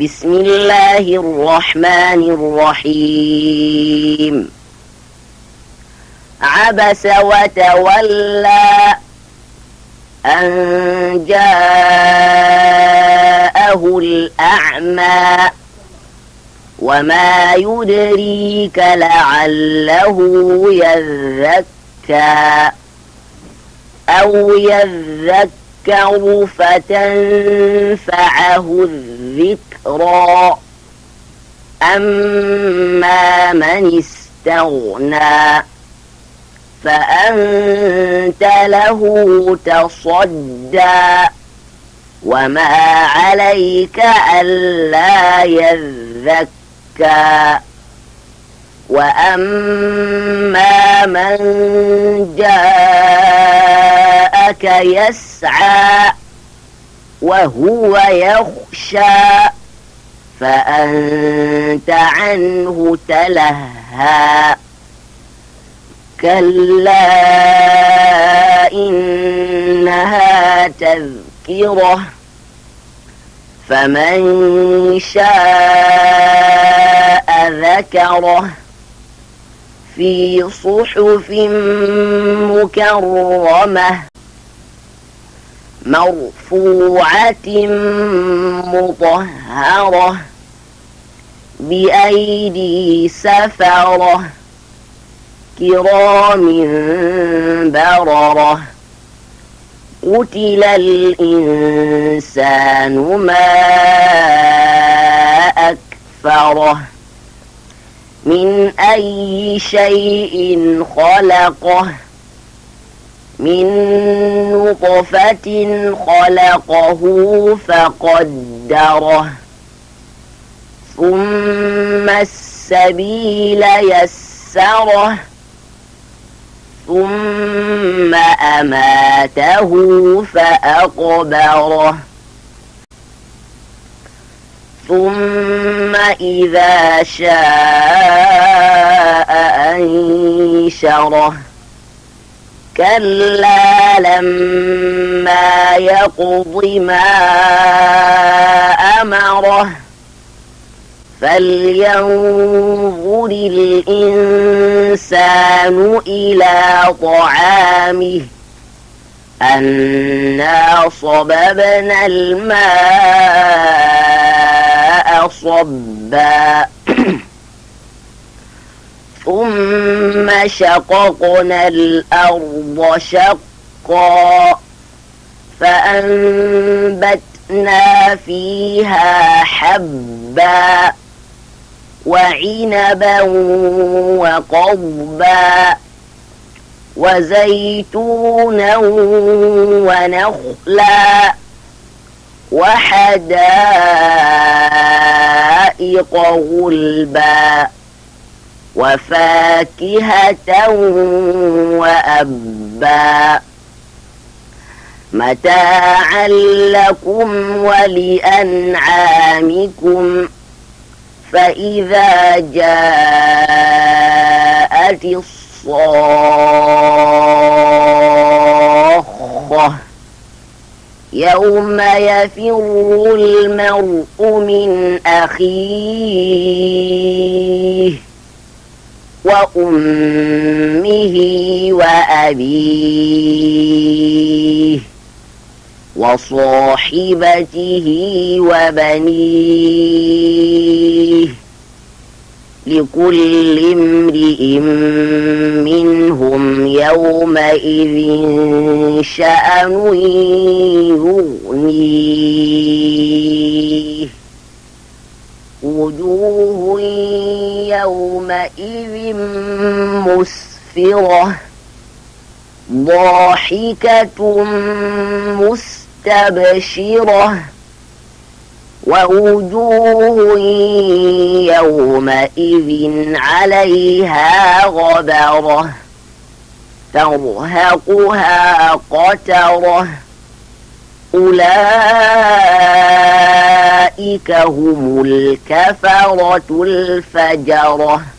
بسم الله الرحمن الرحيم عبس وتولى أن جاءه الأعمى وما يدريك لعله يذكى أو يذكى يذكر فتنفعه الذكرى أما من استغنى فأنت له تصدى وما عليك ألا يذكى وأما من جاء ربك يسعى وهو يخشى فأنت عنه تلهى كلا إنها تذكرة فمن شاء ذكره في صحف مكرمة مرفوعة مطهرة بأيدي سفرة كرام بررة قتل الإنسان ما أكفره من أي شيء خلقه من نطفة خلقه فقدره ثم السبيل يسره ثم أماته فأقبره ثم إذا شاء أنشره كلا لما يقض ما أمره فلينظر الإنسان إلى طعامه أنا صببنا الماء صباً ثم شققنا الأرض شقا فأنبتنا فيها حبا وعنبا وقضبا وزيتونا ونخلا وحدائق غلبا وفاكهة وأبا متاعا لكم ولأنعامكم فإذا جاءت الصاخة يوم يفر المرء من أخيه وأمه وأبيه وصاحبته وبنيه لكل امرئ منهم يومئذ شأن يغنيه وجوه يومئذ مسفرة ضاحكة مستبشرة ووجوه يومئذ عليها غبرة ترهقها قترة أولئك أولئك هم الكفرة الفجرة